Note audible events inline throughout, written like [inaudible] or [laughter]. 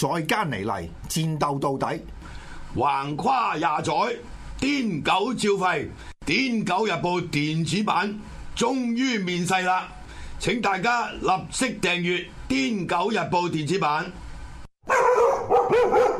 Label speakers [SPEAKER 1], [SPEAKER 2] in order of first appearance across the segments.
[SPEAKER 1] 再加嚟嚟，戰鬥到底，橫跨廿載，癲狗照吠，癲狗日報電子版終於面世啦！請大家立即訂閱《癲狗日報》電子版。 [noise] [noise]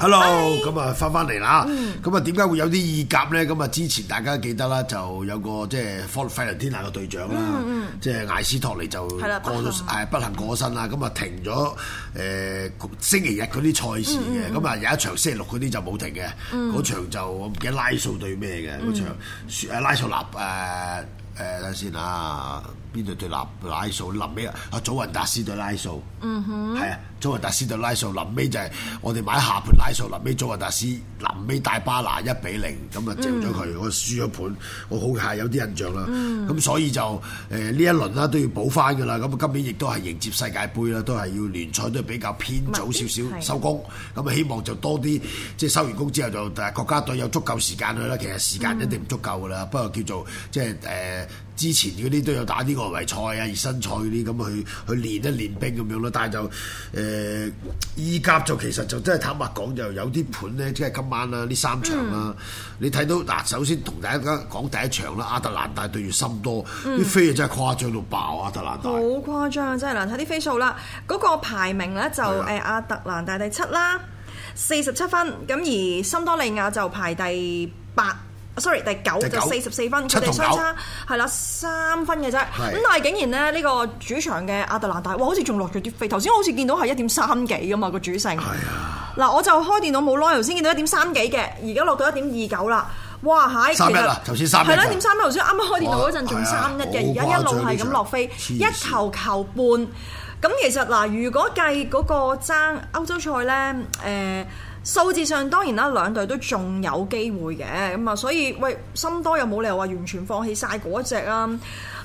[SPEAKER 1] Hello，咁啊翻翻嚟啦，咁啊點解會有啲意甲咧？咁啊之前大家記得啦，就有個即係費倫天拿嘅隊長啦，mm hmm. 即係艾斯托利就過咗，誒不幸過身啦，咁啊停咗誒、呃、星期日嗰啲賽事嘅，咁啊、mm hmm. 有一場星期六嗰啲就冇停嘅，嗰、mm hmm. 場就我唔記得拉素對咩嘅，嗰場、mm hmm. 拉素呢誒誒等先啊。呃呃呃呃邊度對拉拉數？臨尾啊，啊祖雲達斯對拉數，嗯
[SPEAKER 2] 哼，係啊，
[SPEAKER 1] 祖雲達斯對拉數，臨尾就係我哋買下盤拉數，臨尾祖雲達斯，臨尾大巴拿一比零，咁啊、嗯，整咗佢，我輸咗盤，我好下有啲印象啦。咁、嗯嗯、所以就誒呢一輪啦都要補翻㗎啦。咁今年亦都係迎接世界盃啦，都係要聯賽都係比較偏早少少收工。咁啊意，希望就多啲即係收完工之後就但係國家隊有足夠時間去啦。其實時間一定唔足夠㗎啦。不過叫做即係誒。呃之前嗰啲都有打啲外圍賽啊、熱身賽嗰啲咁去去練一練兵咁樣咯，但係就誒依家就其實就真係坦白講，就有啲盤咧，即係今晚啦，呢三場啦，嗯、你睇到嗱，首先同大家講第一場啦，亞特蘭大對住森多啲飛啊，嗯、真係誇張到爆亞特蘭
[SPEAKER 2] 大！好誇張啊，真係！嗱睇啲飛數啦，嗰、嗰個排名咧就誒了亞特蘭大第七啦，四十七分，咁而森多利亞就排第八。Sorry，第九就四十四分，佢哋相差係啦三分嘅啫。咁但係竟然咧，呢個主場嘅亞特蘭大，哇，好似仲落咗啲飛。頭先好似見到係一點三幾㗎嘛，個主勝。係啊。嗱，我就開電腦冇耐，頭先見到一點三幾嘅，而家落到一點二九啦。哇，係，其實係啦，點三啦。頭先啱啱開電腦嗰陣仲三一嘅，而家一路係咁落飛，一球球半。咁其實嗱，如果計嗰個爭歐洲賽咧，誒。數字上當然啦，兩隊都仲有機會嘅，咁啊，所以喂，心多又冇理由話完全放棄晒嗰一隻啊？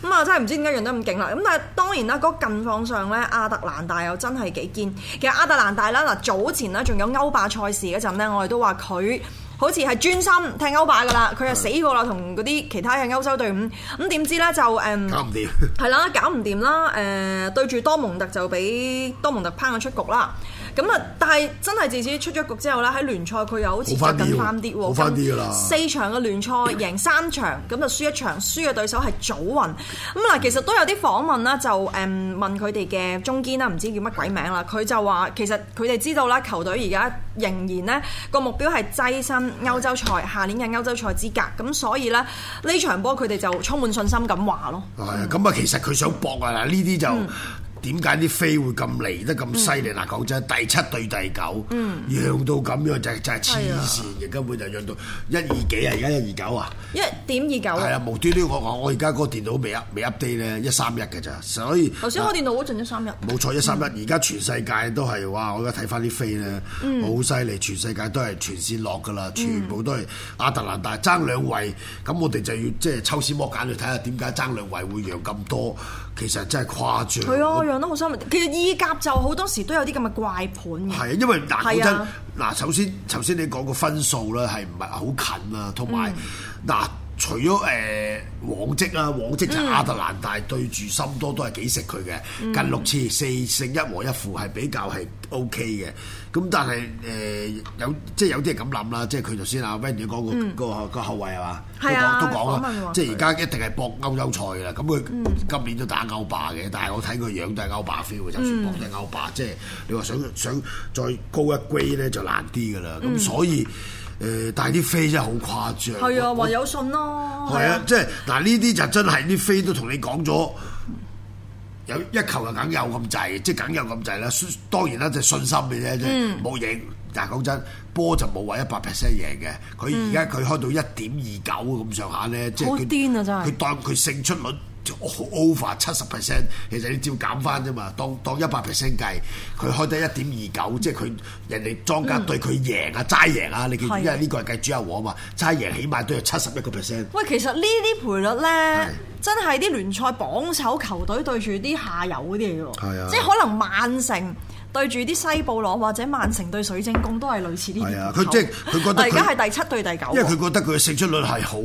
[SPEAKER 2] 咁、嗯、啊，真係唔知點解人得咁勁啦！咁但係當然啦，嗰近況上呢，亞特蘭大又真係幾堅。其實亞特蘭大啦，嗱早前咧仲有歐霸賽事嗰陣咧，我哋都話佢好似係專心踢歐霸噶啦，佢啊死過啦，同嗰啲其他嘅歐洲隊伍。咁點知呢？就、嗯、掂，係啦不，搞唔掂啦！誒、呃、對住多蒙特就俾多蒙特拋咗出局啦。咁啊！但係真係自此出咗局之後咧，喺聯賽佢又好似就近點點翻啲喎，近四場嘅聯賽贏三場，咁就輸一場，輸嘅對手係早運。咁嗱，其實都有啲訪問啦，就誒問佢哋嘅中堅啦，唔知叫乜鬼名啦，佢是的 就話其實佢哋知道啦，球隊而家仍然呢個目標係躋身歐洲賽，下年嘅歐洲賽資格。咁所以呢，呢場波佢哋就充滿信心咁話咯。
[SPEAKER 1] 係咁啊，其實佢想搏啊！呢啲就。嗯點解啲飛會咁嚟得咁犀利？嗱、嗯，講真，第七對第九，揚、嗯、到咁樣就就係黐線嘅，根本就揚到一二幾啊！而家一二九啊，一
[SPEAKER 2] 點二九啦。係啊，
[SPEAKER 1] 無端端我我而家嗰個電腦未，未 up 未 update 咧，一三一嘅咋，所以頭先開電
[SPEAKER 2] 腦都盡咗一三一。冇
[SPEAKER 1] 錯，一三一，而家、嗯、全世界都係哇！我而家睇翻啲飛咧，好犀利，全世界都係全線落噶啦，全部都係亞特蘭大爭兩位，咁我哋就要即係抽絲剝繭去睇下點解爭兩位會揚咁多。其實真係誇張，係啊，
[SPEAKER 2] 養得好生。 [noise] 其實意甲就好多時都有啲咁嘅怪盤嘅。係
[SPEAKER 1] 啊， [noise] 因為嗱，講真，嗱，是的 首先，首先你講個分數啦，係唔係好近啊？同埋嗱。嗯除咗誒往績啊，往績就亞特蘭大、嗯、對住深多都係幾食佢嘅，嗯、近六次四勝一和一負係比較係 OK 嘅。咁但係誒、呃、有即係有啲係咁諗啦，即係佢頭先阿 Wendy 講個個個後衞係嘛，都講都講啦，嗯、即係而家一定係搏歐洲賽嘅，咁佢今年都打歐霸嘅，但係我睇佢樣都係歐霸 feel 嘅，就算搏都係歐霸，嗯、即係你話想想再高一 grade 咧就難啲㗎啦，咁所以。嗯誒、呃，但係啲飛真係好誇張。係啊，
[SPEAKER 2] 話我有信咯。係我啊，
[SPEAKER 1] 即係嗱呢啲就真係啲飛都同你講咗，有一球就梗有咁滯，即係梗有咁滯啦。當然啦，就信心嘅啫，冇贏。但係講真，波就冇話一百 percent 贏嘅。佢而家佢開到一點二九咁上下咧，即係好癲啊，真係。佢當佢勝出率。就 over 七十 percent，其實你照減翻啫嘛，當當一百 percent 計，佢開得一點二九，嗯、即係佢人哋莊家對佢贏啊，齋、嗯、贏啊，你記為是的 因為呢個係計主家和啊嘛，齋贏起碼都有七十一個 percent。
[SPEAKER 2] 喂，其實呢啲賠率咧，是的 真係啲聯賽榜首球隊對住啲下游嗰啲嘢喎，是的 即係可能曼城。對住啲西布朗或者曼城對水晶宮都係類似啲。係啊，佢即係佢覺得。而家係第七對第九。因為佢
[SPEAKER 1] 覺得佢嘅勝出率係好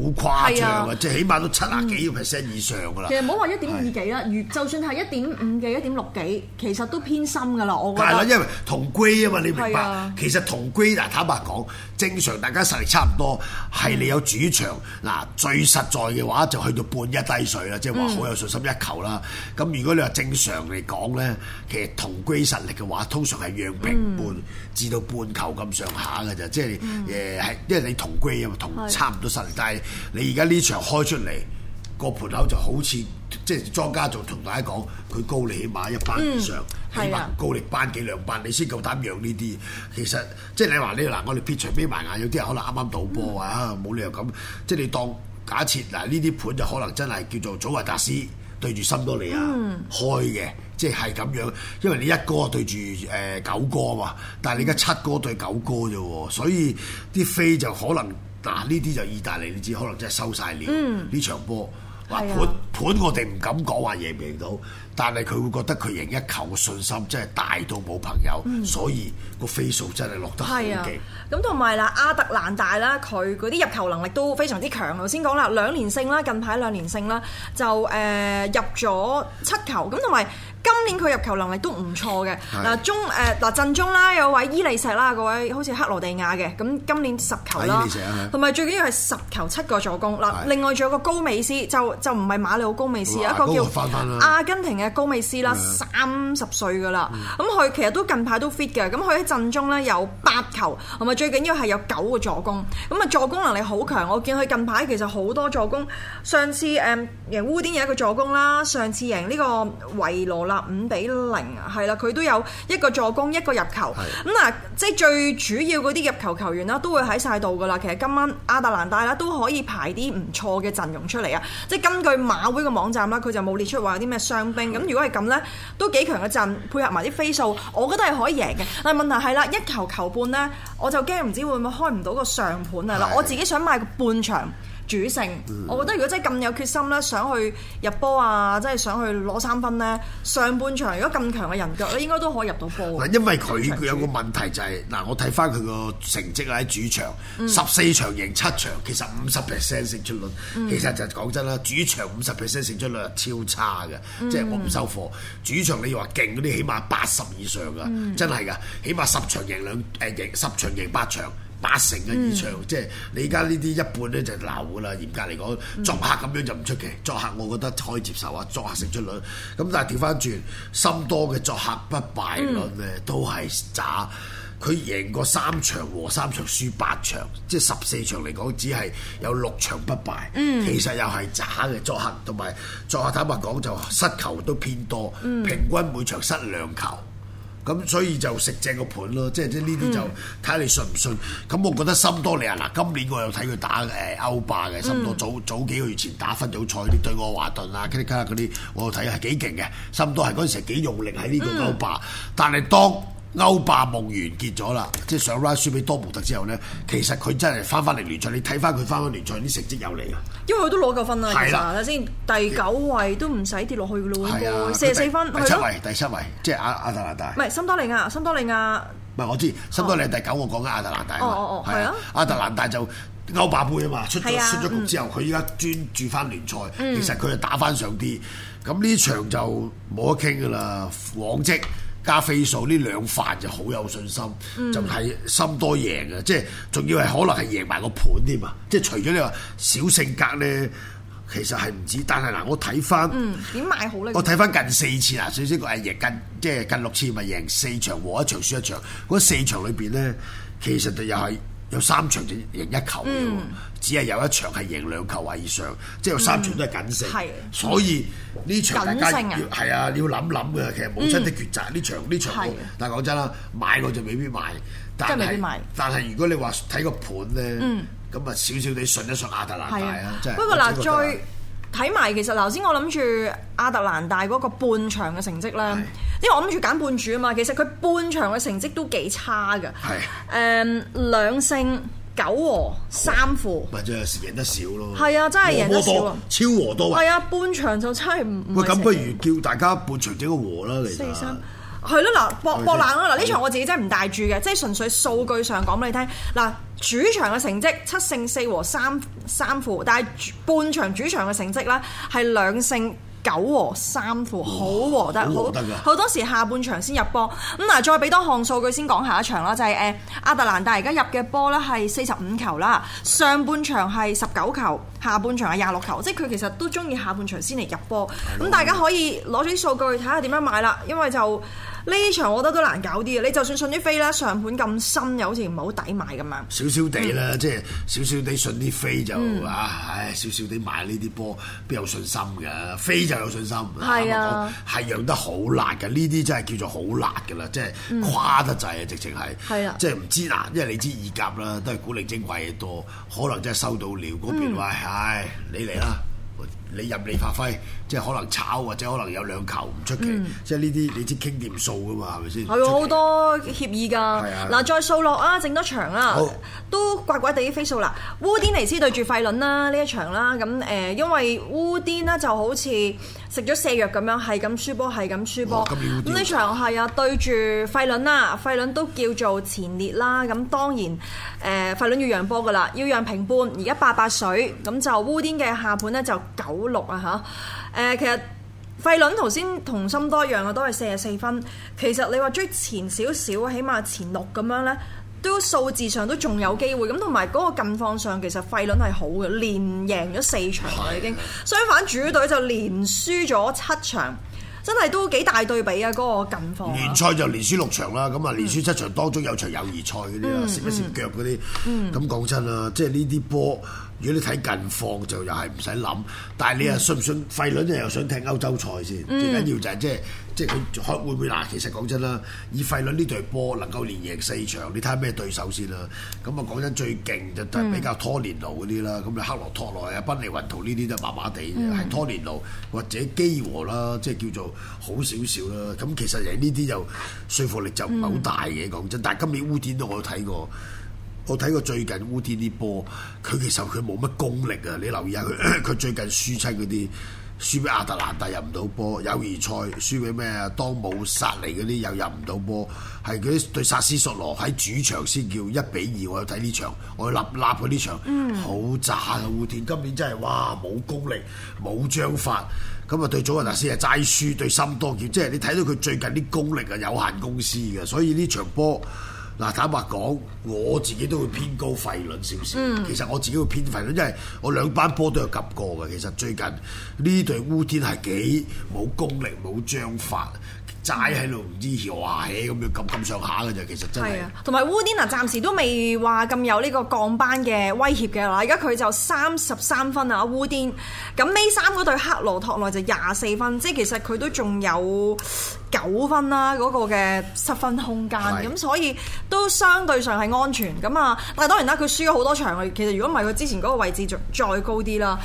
[SPEAKER 1] 誇張啊，即係起碼都七啊幾個 percent 以上㗎啦、嗯。其實唔
[SPEAKER 2] 好話一點二幾啦，如是就算係一點五幾、一點六幾，其實都偏深㗎啦。我覺得。係啦、啊，
[SPEAKER 1] 因為同歸啊嘛，你明白？啊、其實同歸嗱，坦白講，正常大家實力差唔多，係你有主場嗱，最實在嘅話就去到半一低水啦，嗯、即係話好有信心一球啦。咁如果你話正常嚟講咧，其實同歸實力嘅話。通常係讓平半至到半球咁上下嘅咋，嗯、即係誒係，嗯、因為你同區啊嘛，同差唔多實力。是的 但係你而家呢場開出嚟是的 個盤口就好似，即係莊家就同大家講，佢高你起碼一班以上，嗯、起碼高你班幾兩班，你先夠膽讓呢啲。其實即係你話你嗱，我哋撇除咪埋眼，有啲人可能啱啱賭波啊，冇理由咁。即係你當假設嗱，呢啲盤就可能真係叫做祖雲達斯。對住森多利亞開嘅，即係咁樣。因為你一哥對住誒、呃、九哥嘛，但係你而家七哥對九哥啫喎，所以啲飛就可能嗱，呢、啊、啲就意大利你知，可能真係收曬料，呢場波。話、啊、盤盤我哋唔敢講話贏唔贏到，但係佢會覺得佢贏一球嘅信心真係大到冇朋友，嗯、所以個飛數真係落得好勁。
[SPEAKER 2] 咁同埋啦，亞特蘭大啦，佢嗰啲入球能力都非常之強。頭先講啦，兩連勝啦，近排兩連勝啦，就誒、呃、入咗七球，咁同埋。今年佢入球能力都唔錯嘅，嗱中誒，嗱陣中啦，有位伊利什啦，嗰位好似克羅地亞嘅，咁今年十球啦，同埋、啊、最緊要係十球七個助攻。嗱，是的 另外仲有個高美斯，就就唔係馬里奧高美斯，哇一個叫阿根廷嘅高美斯啦，三十歲噶啦，咁佢、嗯、其實近都近排都 fit 嘅，咁佢喺陣中咧有八球，同埋最緊要係有九個助攻，咁啊助攻能力好強。我見佢近排其實好多助攻，上次誒贏烏丁有一個助攻啦，上次贏呢個維羅。五比零，係啦佢都有一個助攻，一個入球。咁嗱是的，即係最主要嗰啲入球球員啦，都會喺晒度噶啦。其實今晚亞特蘭大啦都可以排啲唔錯嘅陣容出嚟啊！即係根據馬會嘅網站啦，佢就冇列出話有啲咩傷兵。咁如果係咁呢，都幾強嘅陣配合埋啲飛數，我覺得係可以贏嘅。但係問題係啦，一球球半呢，我就驚唔知會唔會開唔到個上盤啊！嗱，我自己想買個半場。主勝，我覺得如果真係咁有決心咧，想去入波啊，真係想去攞三分咧，上半場如果咁強嘅人腳咧，應該都可以入到波。
[SPEAKER 1] 因為佢有個問題就係、係，嗱， [laughs] 我睇翻佢個成績喺主場，十四場贏七場，其實五十 percent 勝出率。 [laughs] 其實就係講真啦，主場五十 percent 勝出率超差嘅，即係 [laughs] 我唔收貨。主場你要話勁嗰啲，起碼八十以上㗎， [laughs] 真係噶，起碼十場贏兩誒贏十場贏八場。八成嘅以上，嗯、即係你而家呢啲一半咧就鬧噶啦。嚴格嚟講，作客咁樣就唔出奇。嗯、作客我覺得可以接受啊。作客勝出率，咁但係調翻轉，心多嘅作客不敗率咧、嗯、都係渣。佢贏過三場和三場，輸八場，即係十四場嚟講，只係有六場不敗。嗯、其實又係渣嘅作客，同埋作客坦白講就失球都偏多，嗯、平均每場失兩球。咁、嗯、所以就食正個盤咯，即係即係呢啲就睇下你信唔信。咁我覺得森多利亞，嗱，今年我有睇佢打誒歐霸嘅森多早，早早幾個月前打分組賽啲對愛華頓啊，跟里跟下嗰啲我睇係幾勁嘅，森多係嗰陣時幾用力喺呢個歐霸，嗯、但係當，歐霸夢完結咗啦，即係上 round 輸俾多姆特之後呢，其實佢真係翻翻嚟聯賽，你睇翻佢翻翻聯賽啲成績有嚟
[SPEAKER 2] 啊！因為佢都攞夠分啦，其實睇下先，第九位都唔使跌落去噶咯，四十四分第七
[SPEAKER 1] 位，第七位，即係阿阿特蘭大，
[SPEAKER 2] 唔係，森多利亞，森多利亞，
[SPEAKER 1] 唔係我知，森多利亞第九，我講緊阿特蘭大啊嘛，係啊，阿特蘭大就歐霸杯啊嘛，出咗出咗局之後，佢依家專注翻聯賽，其實佢又打翻上啲，咁呢場就冇得傾噶啦，往績。加飛數呢兩範就好有信心，嗯、就係心多贏嘅，即係仲要係可能係贏埋個盤添啊！即係除咗你話小性格咧，其實係唔止，但係嗱，我睇翻，
[SPEAKER 2] 點、嗯、買好咧？我睇翻
[SPEAKER 1] 近四次嗱，首先個係贏近，即係近六次咪贏四場和一場輸一場，嗰四場裏邊咧，其實就又係。有三場就贏一球嘅，只係有一場係贏兩球或以上，即係有三場都係緊勝。係，所以呢場大家要係啊，你要諗諗嘅。其實母親的抉擇呢場呢場，但係講真啦，買我就未必買，但係但係如果你話睇個盤咧，咁啊少少地順一順亞特蘭大啦，即係。不過嗱，再。
[SPEAKER 2] 睇埋其實，頭先我諗住亞特蘭大嗰個半場嘅成績啦。是的 因為我諗住揀半主啊嘛，其實佢半場嘅成績都幾差㗎。係誒是的、嗯，兩勝九和哇三負。
[SPEAKER 1] 咪即係贏得少咯。係啊，真係贏得少。超和多。係啊，
[SPEAKER 2] 半場就真係唔。喂，咁不如
[SPEAKER 1] 叫大家半場整個和啦嚟啦。
[SPEAKER 2] 你係咯，嗱，博博冷咯，嗱，呢場我自己真係唔大住嘅，即係純粹數據上講俾你聽，嗱，主場嘅成績七勝四和三三負，但係半場主場嘅成績呢係兩勝九和三負，好和得，和得好好，多時下半場先入波。咁嗱，再俾多項數據先講下一場啦，就係、係、誒亞特蘭大而家入嘅波呢係四十五球啦，上半場係十九球。下半場係廿六球，即係佢其實都中意下半場先嚟入波。咁、哦、大家可以攞咗啲數據睇下點樣買啦。因為就呢場我覺得都難搞啲嘅。你就算信啲飛啦，上盤咁深又好似唔係好抵買噶嘛。嗯、少
[SPEAKER 1] 少地啦，即係少少地信啲飛就啊，嗯、唉少少地買呢啲波邊有信心嘅，飛就有信心。係、嗯、吧啊，係養得好辣嘅呢啲真係叫做好辣嘅啦，即係誇得滯、嗯、啊，直情係。係啊。即係唔知啦，因為你知意甲啦，都係古靈精怪嘅多，可能真係收到料嗰邊話。嗯嗯哎，你嚟啦！你入嚟發揮，即係可能炒或者可能有兩球唔出奇，即係呢啲你知傾掂數㗎嘛，係咪先？係
[SPEAKER 2] 喎，好多協議㗎。嗱，是的 再數落啊，整多場啦，好都怪怪地啲飛數啦。烏甸尼斯對住費倫啦，呢一場啦，咁誒，因為烏甸咧就好似食咗瀉藥咁樣，係咁輸波，係咁輸波。咁呢場係啊，對住費倫啦，費倫都叫做前列啦，咁當然誒費倫要讓波㗎啦，要讓平半，而家八八水，咁就烏甸嘅下盤呢，就九。五六啊，吓，誒，其實費倫頭先同森多一樣啊，都係四十四分。其實你話追前少少，起碼前六咁樣呢，都數字上都仲有機會。咁同埋嗰個近況上，其實費倫係好嘅，連贏咗四場啦已經。的相反，主隊就連輸咗七場，真係都幾大對比啊！嗰個近況。聯
[SPEAKER 1] 賽就連輸六場啦，咁啊連輸七場、嗯、當中有場友誼賽嗰啲，涉、嗯嗯、一涉腳嗰啲，咁講真啦，即係呢啲波。如果你睇近況就又係唔使諗，但係你又信唔信費倫、嗯、又想踢歐洲賽先？嗯、最緊要就係即係即係佢開會唔會嗱？其實講真啦，以費倫呢隊波能夠連贏四場，你睇下咩對手先啦。咁啊講真最勁就係比較拖連奴嗰啲啦。咁啊克羅托內啊、賓利雲圖呢啲都麻麻地係拖連奴或者基和啦，即係叫做好少少啦。咁其實誒呢啲就説服力就唔係好大嘅講真。嗯、但係今年污點都我睇過。我睇過最近烏天啲波，佢其實佢冇乜功力啊！你留意下佢，佢、呃、最近輸出嗰啲，輸俾亞特蘭大入唔到波，友誼賽輸俾咩當姆薩尼嗰啲又入唔到波，係佢啲對薩斯索羅喺主場先叫一比二。我睇呢場，我立立佢呢場，好渣、嗯、啊！烏天今年真係哇，冇功力，冇章法。咁啊，對祖雲達斯啊，齋輸；對森多爾，即、就、係、是、你睇到佢最近啲功力啊，有限公司嘅。所以呢場波。嗱，坦白講，我自己都會偏高肺率少少。嗯、其實我自己會偏費率，因為我兩班波都有及過嘅。其實最近呢隊烏甸係幾冇功力、冇章法，齋喺度唔知哇嘿咁樣咁咁上下嘅啫。其實真係。
[SPEAKER 2] 同埋烏甸啊，暫時都未話咁有呢個降班嘅威脅嘅啦。而家佢就三十三分啊，阿烏甸。咁尾三嗰隊黑羅托內就廿四分，即係其實佢都仲有九分啦，嗰個嘅失分空間，咁是的 所以都相對上係安全咁啊！但係當然啦，佢輸咗好多場，其實如果唔係佢之前嗰個位置再再高啲啦，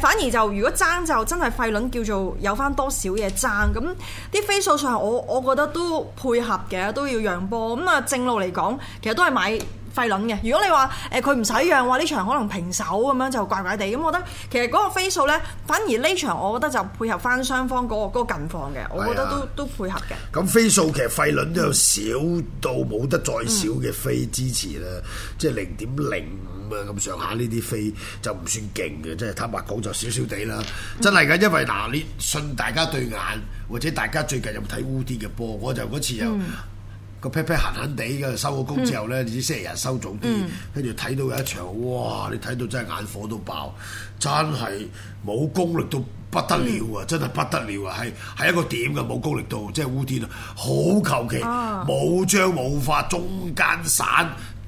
[SPEAKER 2] 反而就如果爭就真係費輪叫做有返多少嘢爭，咁啲飛數上我我覺得都配合嘅，都要讓波咁啊！正路嚟講，其實都係買。費輪嘅，如果你話誒佢唔使讓喎，呢場可能平手咁樣就怪怪地，咁我覺得其實嗰個飛數咧，反而呢場我覺得就配合翻雙方嗰個近況嘅，我覺得都、啊、都配合嘅。
[SPEAKER 1] 咁飛數其實費輪都有少到冇得再少嘅飛支持啦，嗯、即係零點零五啊咁上下，呢啲飛就唔算勁嘅，即係坦白講就少少地啦。真係噶，因為嗱、啊、你信大家對眼，或者大家最近有冇睇烏天嘅波？我就嗰次有。嗯劈劈閒閒地嘅收個工之後咧，啲星期日收早啲，跟住睇到有一場，哇！你睇到真係眼火都爆，真係冇功力到不得了啊！嗯、真係不得了啊！係係一個點嘅冇功力到，即係烏天啊！好求其，冇章冇法，中間散，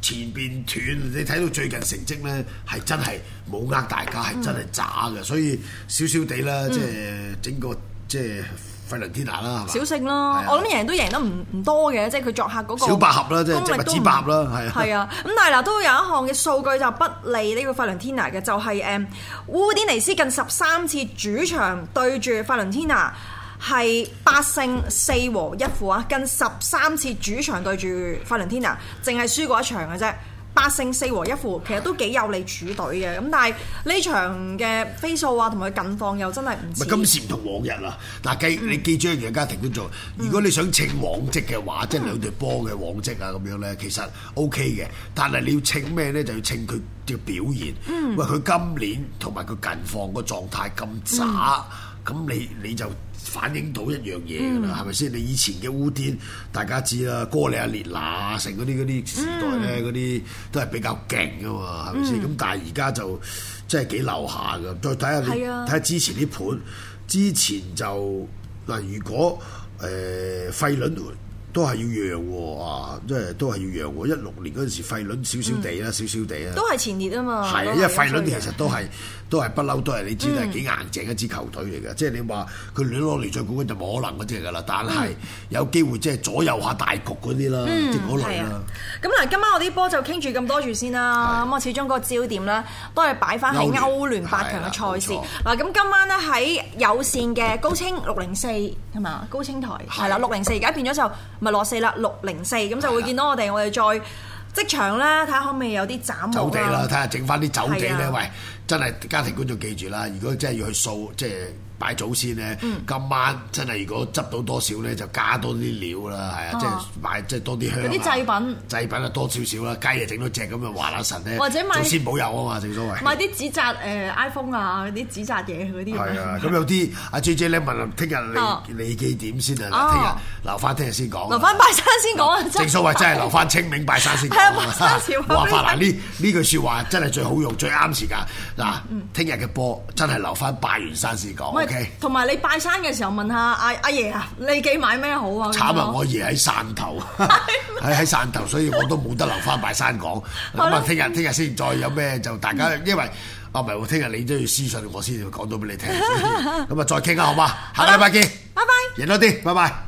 [SPEAKER 1] 前邊斷。你睇到最近成績咧，係真係冇呃大家，係、嗯、真係渣嘅。所以少少地啦，即係整個即係。即法倫天拿啦，小
[SPEAKER 2] 勝啦，啊、我諗贏都贏得唔唔多嘅，即係佢作客嗰個。小百合啦，功力啦即係之百合
[SPEAKER 1] 啦，係啊。係啊，
[SPEAKER 2] 咁但係嗱，都有一項嘅數據就不利呢個法倫天拿嘅，就係、是、誒、嗯、烏甸尼斯近十三次主場對住法倫天拿係八勝四和一負啊！近十三次主場對住法倫天拿，淨係輸過一場嘅啫。八勝四和一負，其實都幾有利主隊嘅。咁但係呢場嘅飛數啊，同埋近況又真係唔。咪今時唔同往
[SPEAKER 1] 日啦。嗱，記你記張楊家婷都做。如果你想稱往績嘅話，即係兩隊波嘅往績啊，咁樣咧，其實 OK 嘅。但係你要稱咩咧？就要稱佢嘅表現。嗯。喂，佢今年同埋佢近況個狀態咁渣，咁你你就。反映到一樣嘢㗎啦，係咪先？你以前嘅污天，大家知啦，哥利亞列那成嗰啲啲時代咧，嗰啲都係比較勁㗎嘛，係咪先？咁但係而家就真係幾流下嘅，再睇下你，睇下、啊、之前啲盤，之前就嗱，如果誒費倫。呃都係要讓喎啊！即係都係要讓喎。一六年嗰陣時費倫少少地啦，少少地啦。小小都係
[SPEAKER 2] 前列啊嘛。係啊，因為費倫其實都係、
[SPEAKER 1] 嗯、都係不嬲，都係你知都係幾硬淨一支球隊嚟嘅。即係你話佢亂攞嚟再估就冇可能嗰隻㗎啦。但係有機會即係左右下大局嗰啲啦，唔好諗啦。
[SPEAKER 2] 咁嗱，今晚我啲波就傾住咁多住先啦。咁我的始終嗰個焦點咧都係擺翻喺歐聯八強嘅賽事嗱。咁今晚呢，喺有線嘅高清六零四係嘛？高清台係啦，六零四而家變咗就。咪落四啦，六零四咁就會見到我哋，我哋再即場啦，睇下可唔可以有啲斬。走地啦，睇下
[SPEAKER 1] 整翻啲走地咧，的喂！真係家庭觀眾記住啦！如果真係要去掃，即係擺祖先咧，今晚真係如果執到多少咧，就加多啲料啦，係啊，即係買即係多啲香。嗰啲祭品祭品啊，多少少啦，雞啊整多隻咁啊，華下神咧。或者買祖先保佑啊嘛，正所謂。
[SPEAKER 2] 買啲紙紮誒 iPhone 啊，啲紙扎嘢嗰啲。係啊，咁
[SPEAKER 1] 有啲阿 J J 咧問：聽日你你幾點先啊？聽日留翻聽日先講。留
[SPEAKER 2] 翻拜山先講。正所
[SPEAKER 1] 謂真係留翻清明拜山先。係啊，話翻嗱呢呢句説話真係最好用，最啱時間。嗱，聽日嘅波真係留翻拜完山先講，OK。
[SPEAKER 2] 同埋你拜山嘅時候問下阿阿爺啊，你幾買咩好啊？慘啊！我爺喺
[SPEAKER 1] 汕頭，喺喺汕頭，所以我都冇得留翻拜山講。咁啊，聽日聽日先，再有咩就大家，因為啊唔係，我聽日你都要私信我先講到俾你聽。咁啊，再傾下好嘛？下個禮拜見，拜拜，贏多啲，拜拜。